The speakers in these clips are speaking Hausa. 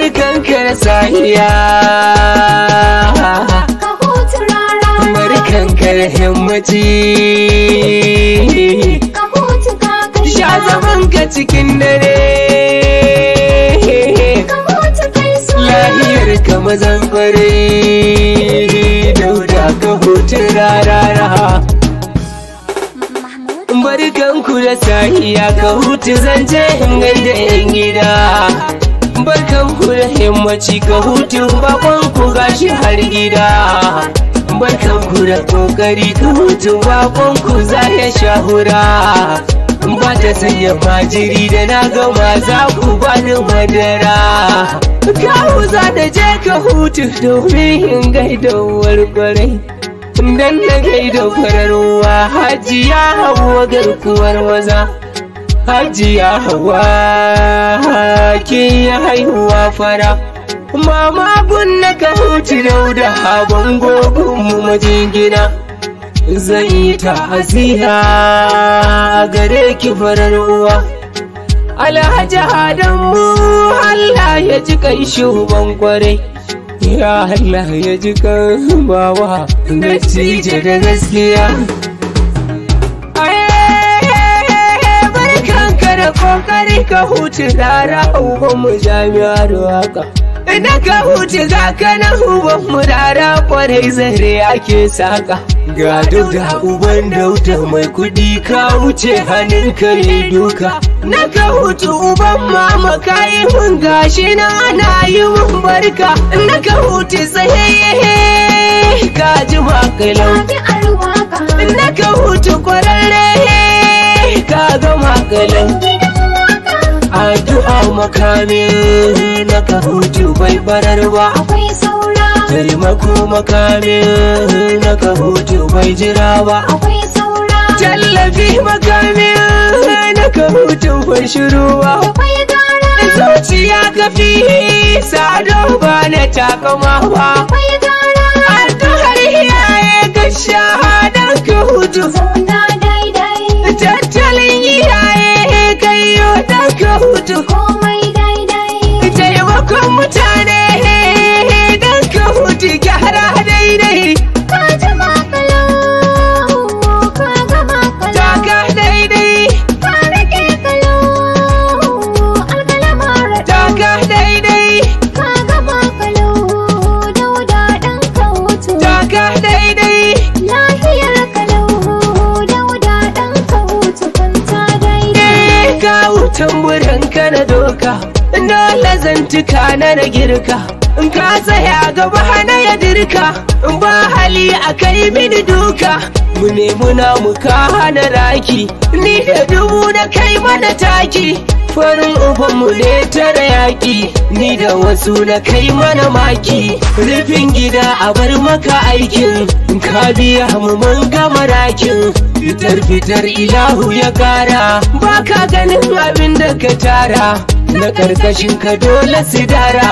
kanka da sahiya kanka da himmaci sha zaman ka cikin dare lahiyar ka mazan fare dauda ka rara rarara kanku da sahiya ka hutu zance in gaida 'yan gida barkan ku da himmaci ga hutun bakon ku gashi har gida barkan ku da kokari ga hutun bakon ku za ya shahura ba ta sanya majiri da na gama za ku ba ni madara kawo za da je ka hutu domin in gaida wargwarai dan na gaida kwararwa hajiya hawa garkuwar waza hajiya hawa kin yi haihuwa fara mama bunna ka huci dauda haban gobin mu majingina zan yi a gare ki farar uwa alhaji hadan Allah ya ji kai shuban kwarai ya Allah ya ji kan bawa na da gaskiya ka huce gara uban mu jami'a da waka Ina ka huce ga kana uban mu dara kwarai zare ke saka Ga da uban dauta mai kudi ka wuce hannun kare duka Na ka hutu uban mama ka yi mun gashi na ana yi mun barka Na ka huce tsaye ka ji makalau Na ka hutu kwararre ka ga makalau addu'a makamin na ka bai barar ba akwai saura taimako makamin na ka bai jira ba akwai saura tallafi makamin na ka bai shiru ba akwai gara zuciya gafi sado ba na takama ba akwai gara addu'ar iyaye ga shahara doka dole zantuka na na girka in ka tsaya gaba hana ya dirka in ba hali a kai mini duka mu nemi muna muka hana raki ni da dubu na kai mana taki farin mu ne tara yaƙi ni da wasu na kai mana maki rufin gida a bar maka aikin ka biya mu mun gama rakin fitar fitar ilahu ya kara ba ka ganin abin da ka tara na karkashin ka dole su dara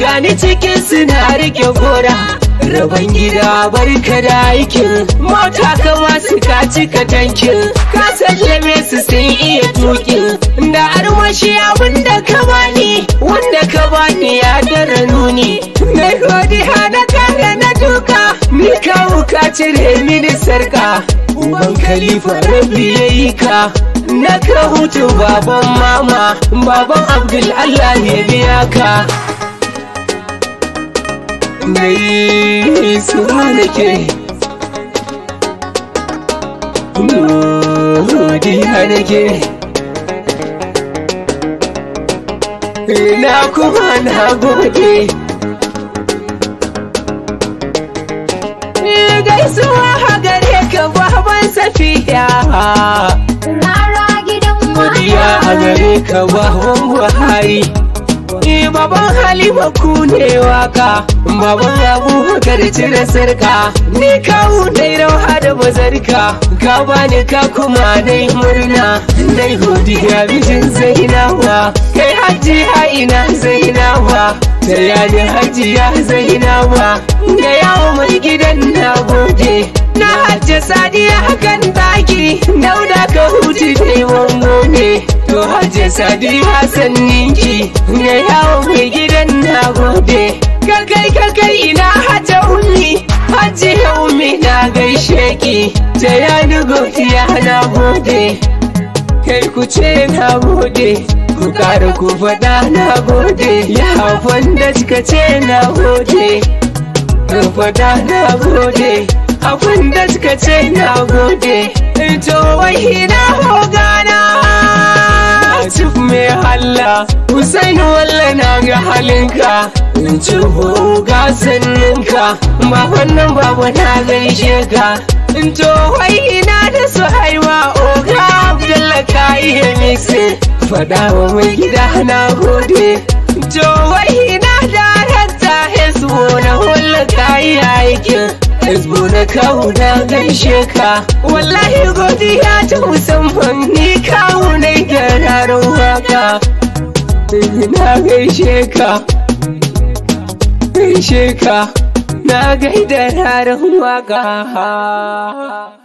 gani cikin su na rike gora rabon gida barka da aikin mota kama su ka cika tankin ka sallame su sun iya tukin da armashi abin da ka bani wanda ka bani ya dara nuni ka cire mini sarka uban khalifa rabbi ya yi ka na ka hutu baban mama baban abdul allah ne biya ka mai suna da ke godiya da ke na kuma na gode Zuwa ha gare ka baban safiya rara gidan wariya a gare ka baban buhari ni eh, baban halima ku ne waka baban abubakar cire sarka ni kawu dai rauha da bazarka ka bani ka kuma dai murna dai godiya bijin zainawa kai hajji ha ina zaina Talla da hajiya zainaba ga yawo mai gidan na gode Na hajja sadiya kan baki dauda ka hutu taimakon gode To hajja sadiya sanninki ga yawo mai gidan na gode Kakai kakai ina hajja ummi hajji ya ummi na gaishe ki Ta ya na gode Kai ku ce na gode ku ku faɗa na gode ya hafan da suka ce na gode ku faɗa na gode abin da suka ce na gode ito wai na Na cif mai halla Hussein walla na ga halinka Cihu ga sanninka ma wannan babu na gaishe ka To wai ina da su haiwa oga Abdullah ka iya nisi Fada wa mai gida na gode Jowai na ranta Hezbo na hulaka kayi aikin Hezbo na kawo na gaishe ka Wallahi godiya ta musamman ni kawo na gyararin waka Na gaishe ka Gaishe ka Na gaida rarin waka